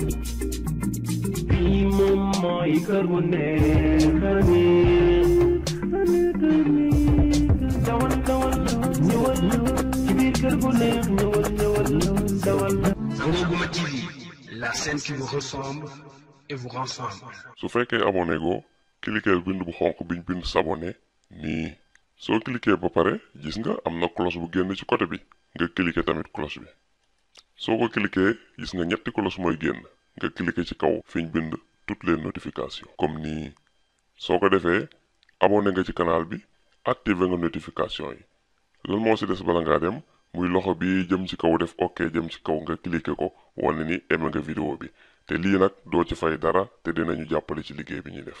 fii su fekkee amoon go cliquer bind bu xonq biñ bind s'abonner nii soo cliquer ba pare gis nga am na cloche bu génn ci côté bi nga cliquer tamit cloche bi soo ko cliquer gis nga ñetti kolos mooy génn nga cliquer ci kaw fi ñu bind toutes les notifications comme nii soo ko defee abonné nga ci canal bi activer nga notification yi lan moo si des bala ngaa dem muy loxo bi jëm ci kaw def ok jëm ci kaw nga cliquer ko wane ni aimé nga vidéo bi te lii nag doo ci fay dara te dinañu jàppale ci liggéey bi ñuy def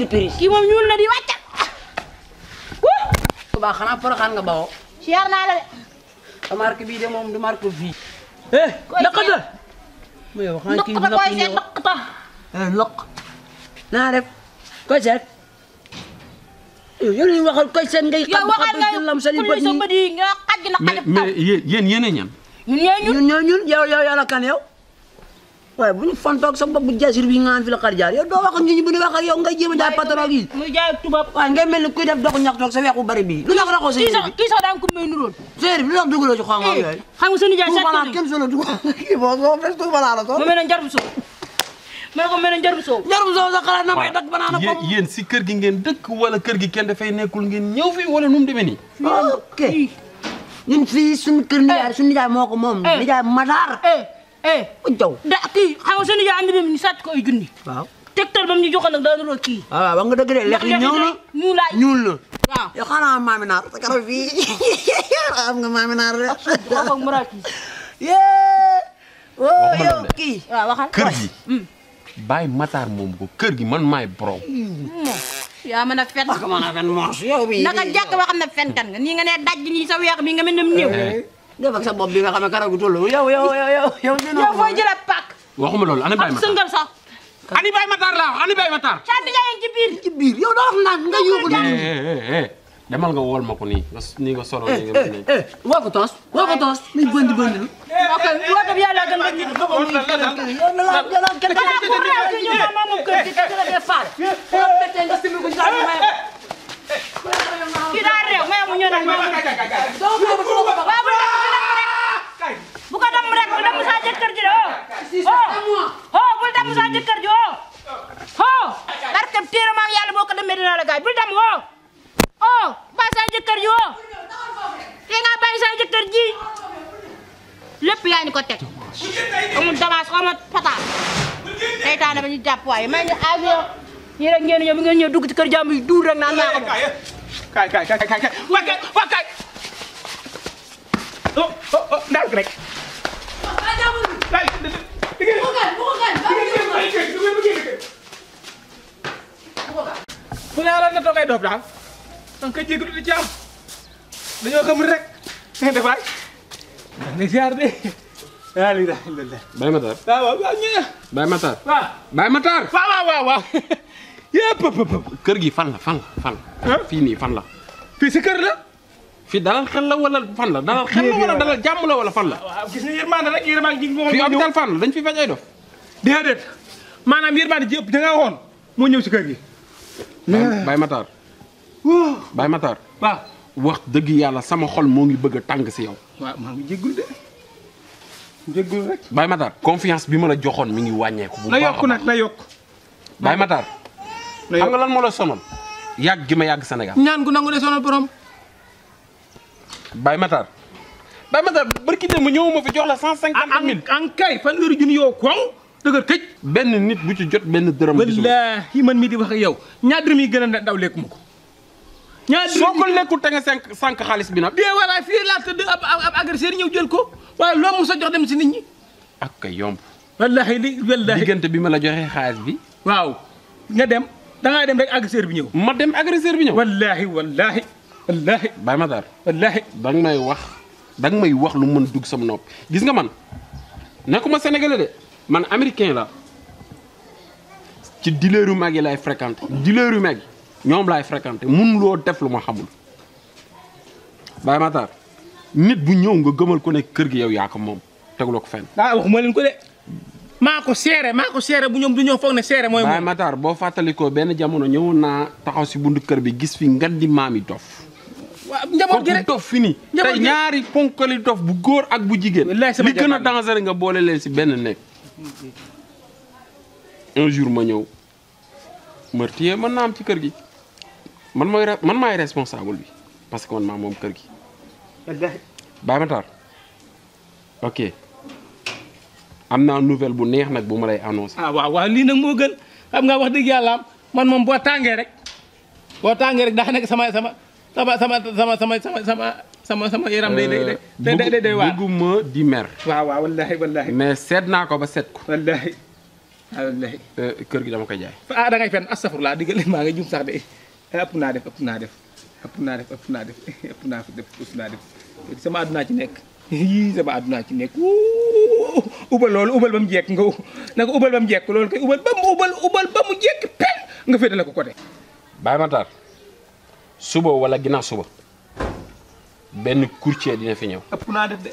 surprise kii moom ñuul na di wàcc ku baax xanaa poroxaan nga bawo siar na la de sa marque bii de moom du marque fii eh laqata mo yow xanaa ki laq koy seet eh laq na def koy seet yow ni waxal koy sen ngay xam waxal ngay lam sa li bët yi nga xaj na xaj taw mais yéen yéen ñan ñun ñun ñoo ñun yow yow yow la kan yow iya, iya, iya, waaye bu ñu fantoog sa bopp bu jasir bi ngaan fi la xar jaar yow doo wax nit ñi bu ñu wax ak yow ngay jéem jaay patron yi muy jaay tubaab waaye ngay mel ni def dox sa bari lu tax raxoo sa yére bi kii sax daan ko may nuróon bi lu tax dugaloo ci xonga yooyu xam nga sunu jaay sa kenn solo du kii boo soo fes tuuba laa la soo mel na njar bu soo mel ko mel na njar bu soo njar bu soo sa xalaat na may dak ko si kër gi ngeen wala kër gi kenn dafay nekkul ngeen wala num mu demee nii ok ñun fii suñu kër eh. nijaay suñu eh. nijaay moo ko eh. moom eh jaw da kii xam nga seen yaa andi bi kan? ni sàcc ko ay junni waaw tegtal bam ñu joxal nag daa nuroo kii waaw ba nga dëgg de lekk yi ñëw na ñuul laaj ñuul na waaw yow xanaa maami naar sa karo fii xam nga maami naar de ak maraaki yee woo yow kii waaw waxal kër gi bàyyi mataar moom ko kër gi man maay borom yaa mën a ak mën fen moos yow bi naka jàkk ba xam ne nga nii nga ne daj nii sa weex ya, bi nga mel ne defak sa bopp bi nga yo yo karagu yo yow yow yow yow yow dina yow fooy jëlee pàkk waxuma loolu ani Baye Matar sëngal ani Baye Matar laa ani Baye Matar sa diga ci biir ci biir yow doo wax naan nga yuuxu demal nga wool ma ko nii nga nii nga nga nii woo ko toos woo ko toos muy bënd bënd lu ko yàlla gën nga ñëw ko muy kër kër la la kenn ko ko rew ñu ma mom kër ci kër de faal ko bete nga simi ko ñu may ki da rew may mu ñu na do ko lépp yaa ñu ko teg amul damaas xamul pata seytaan dama ñu jàpp waaye may ñu avion yéen ak ngeen ñëw ngeen ñëw dugg ci kër jàmm yi rek naan maa ko kaay kaay kaay kaay kaay waa kaay waa oh oh oh ndànk rek fu ñaareel na toogay doof daal danga di ci am dañoo rek ngeen def Nisiar deh. La ilaha illallah. Bay Matar. Tawa waaw Bay Matar. Waaw. Bay Matar. Waaw waaw waaw. Yëpp kër gi fan la fan la fan la. Fii nii fan la. Fii si kër la. Fii dalal xel la wala fan la dalal xel la wala dalal jàmm la wala fan la. Waaw gis nga yërmande rek yërmande ji nga Fii hôpital fan dañ fi faj ay dof. Déedéet. Maanaam yërmande ji da nga woon moo ñëw si kër gi. Bay Matar. Waaw. Bay Matar. Waaw. wax dëgg yàlla sama xol moo ngi bëgg a tàng si yow. waaw maa ngi jéggul de jéggul rek. Baye Matar confiance bi ma la joxoon mi ngi wàññeeku. bu baax na yokk nag na yokk. Baye Matar. na yokk xam nga lan moo la sonal. yàgg gi ma ñaan gu nangu de borom. Baye Matar. Baye Matar barki dem mu ñëwuma fi jox la cent cinquante ah, mille. an ah, kay fanweeri junni yow koŋ. dëgër këj. benn nit bu ci jot benn dërëm. gisul wallaahi man mi di wax ak yow ñaar dërëm yi gën a ndaw lekku ma ko. ñaari soo ko lekkul te nga sànq xaalis bi nag. bien voilà fii laa tëdd ab ab agresseur ñëw jël ko waaye loo mu sa jox dem si nit ñi. ak kay yomb. wallaahi li wallaahi diggante ma la joxee xaalis bi. waaw nga dem da dem rek agresseur bi ñëw. ma dem agresseur bi ñëw. wallaahi wallaahi. wallaahi Baye Matar. wallaahi ba nga may wax da nga may wax lu mën dugg sama nopp gis nga man ma sénégalais de man américain la ci dealeuru maa ngi lay fréquenté dealeuru mag yi ñoom laay fréquenté mun loo def lu ma xamul Baye Matar nit bu ñëw nga gëmal ko ne kër gi yow yaa ko moom teguloo ko fenn. Ah, ko de maa ko seere bu ñoom du ñëw foog ne seere mooy. Baye Matar boo fàttalikoo benn jamono ñëwoon naa taxaw si buntu kër bi gis fi ngandi maami dof. waaw njaboot gi dof fi nii. tey ñaari ponkali dof bu góor ak bu jigéen. li gën a dangereux nga boole leen si benn nekk. un ma ñëw meurtrier mën naa am ci kër gi. man moy man maay responsable bi parce que man ma mom keur gi. Baye Matar ok amna nouvelle bu neex nak bu ma lay annoncer ah wa wa li nak mo gën xam nga wax deug yalla man mom bo tangé rek bo tangé rek da nak sama sama sama sama sama sama sama sama sama sama yaram day day day euh, day day waar bëgguma di mer. wa wa wallahi wallahi mais set na ko ba set ko. wallahi euh keur gi dama koy jaay. ah da ngay fenn astaghfirullah digel ma nga jum sax de. ëpp naa def ëpp naa def ëpp naa def ëpp naa def ëpp naa def ëpp naa def sama àddunaa ci nekk yii sama àddunaa ci nekk ubal loolu ubal ba mu jekk nga na ko ubal ba mu jekk loolu kay ubal ba mu ubal ubal ba mu jekk pen nga féetale ko côté. Baye Matar suba wala ginnaaw suba benn courtier dina fi ñëw. ëpp naa def de.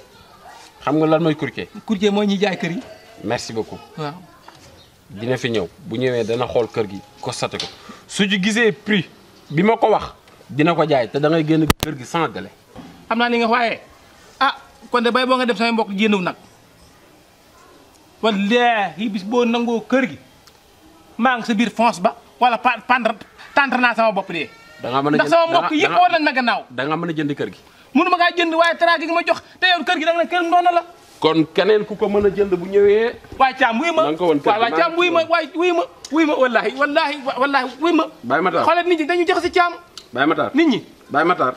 xam nga lan mooy courtier. courtier mooy ñi jaay kër yi. merci beaucoup. waaw dina fi ñëw bu ñëwee dana xool kër gi constaté ko su ñu gisee prix. bima ko wax dina ko jaay te da ngay genn kër gi sans délai. xam naa nga waye ah kon de bay bo nga dem samay mbokk génnew nag wallaahi bis bo nango keur gi mang sa bir france ba wala pandre tantre na sama bop dee. da nga meuna jënd sama mbokk yëpp wala na gannaaw. da nga meuna jënd keur gi. munu ma kaa jënd waye teraanga nga ma jox te yow keur gi da nga keur ndona la. kon keneen ku ko mën a jënd bu ñëwee. waay caam wuy ma na woon teg waay caam wuy ma waay wuy ma wuy ma wallaahi wallaahi wallaahi wuy ma. Baye Matar xoolal nit ñi dañu jox si caam. Baye Matar nit ñi. Baye Matar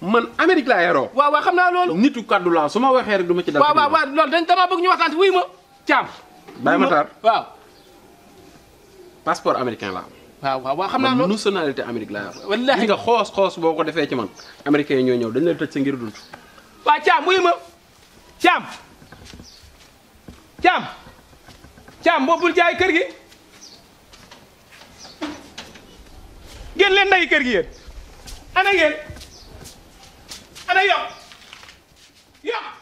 man Amérique waaw waaw xam naa loolu. nitu kaddu laa su ma waxee rek du ma ci dal. waaw waaw waaw loolu dañ damaa bëgg ñu waxtaan wuy ma caam. Baye Matar waaw. passeport américain laa am. waaw waaw waaw xam naa loolu nationalité Amérique laa yor. wallaahi nga xoos xoos boo ko defee ci man. américain ñoo ñëw dañ lay tëj sa ngir dund. caam wuy ma caam caam caam boobu bul kër gi génn leen kër gi yéen ana ngeen ana yokk yokk